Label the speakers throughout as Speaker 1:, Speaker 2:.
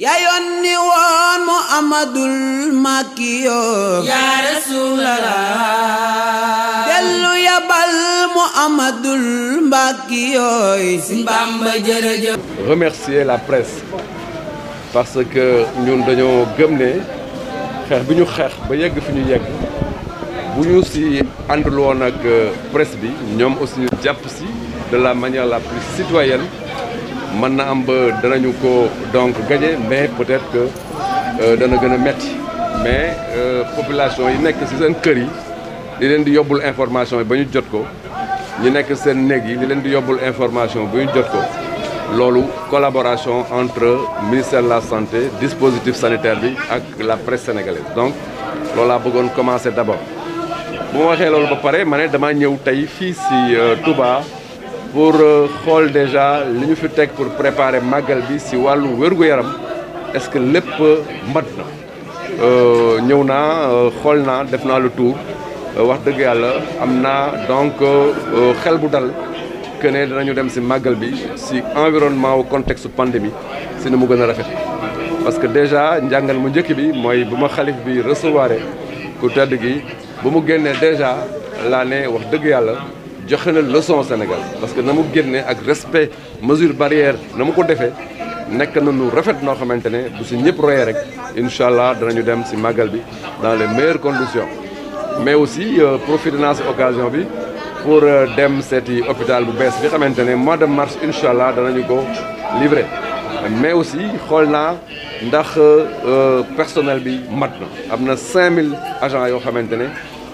Speaker 1: Ya yónni won Muhammadul Makiyo. yaa Rasulallah. ya bal Muhammadul Makiyo. si Bamba
Speaker 2: remercier la presse parce que ñun dañu gëm né xex biñu xex ba yegg fiñu yegg bu ñu si àndul woon ak euh, presse bi ñom aussi japp si de la manière la plus citoyenne. Maintenant, na am donc gagné mais peut-être que euh, dana le a metti mais euh, population yi un ci c'est kër yi il est di yóbbul information yi ba jot ko yi di information collaboration entre ministère de la santé dispositif sanitaire et la presse sénégalaise donc loolu laa commencer d'abord bu ma je loolu ba à ma ne ñëw euh, Touba pour euh, xol déjà liñu fi tek pour préparer magal bi ci walu wërgu yaram est-ce que lepp mat na euh, ñëw naa euh, xool naa def naa le tour wax deug yalla amna donc xel bu dal que né dañu dem ci magal bi ci environnement wu contexte pandémie si ni mu gëna a rafet parce que déjà njàngal mu njëkk bi moy buma khalif bi recevoir ku tedd gi bu mu génnee déjà l'année wax deug yalla joxe na leçon au Sénégal parce que nous guenné ak respect mesure barrière nous avons ko nous nek na nu rafet noo xamante bu ci ñepp royee rek inshallah dem ci magal bi dans les meilleures conditions. mais aussi euh, profitez de cette occasion bi pour euh, dem l'hôpital hôpital bu bees bi mois de mars inshallah allah ko livrer mais aussi nous avons ndax euh, personnel bi mat amna 5000 agents yo xamante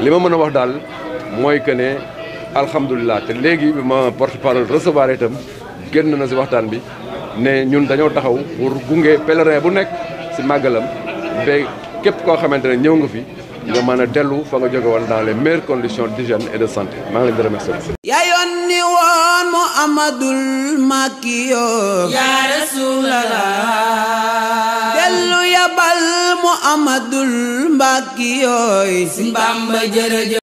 Speaker 2: li ma mën a wax daal mooy que ne alhamdulilah te léegi bi ma porte parole recevoir itam génn na si waxtaan bi ne ñun dañoo taxaw pour gunge pèlerin bu nekk si màggalam ba képp koo xamante ne ñëw nga fi nga mën a dellu fa nga jóge woon dans les meilleures conditions d'hygiène et de santé maa ngi leen di remercier.
Speaker 1: yaa yónni woon Muhammadul Makiyo. yaa Rasulallah. dellu
Speaker 2: yabal Muhammadul. mag yooyu. Bamba jërëjëf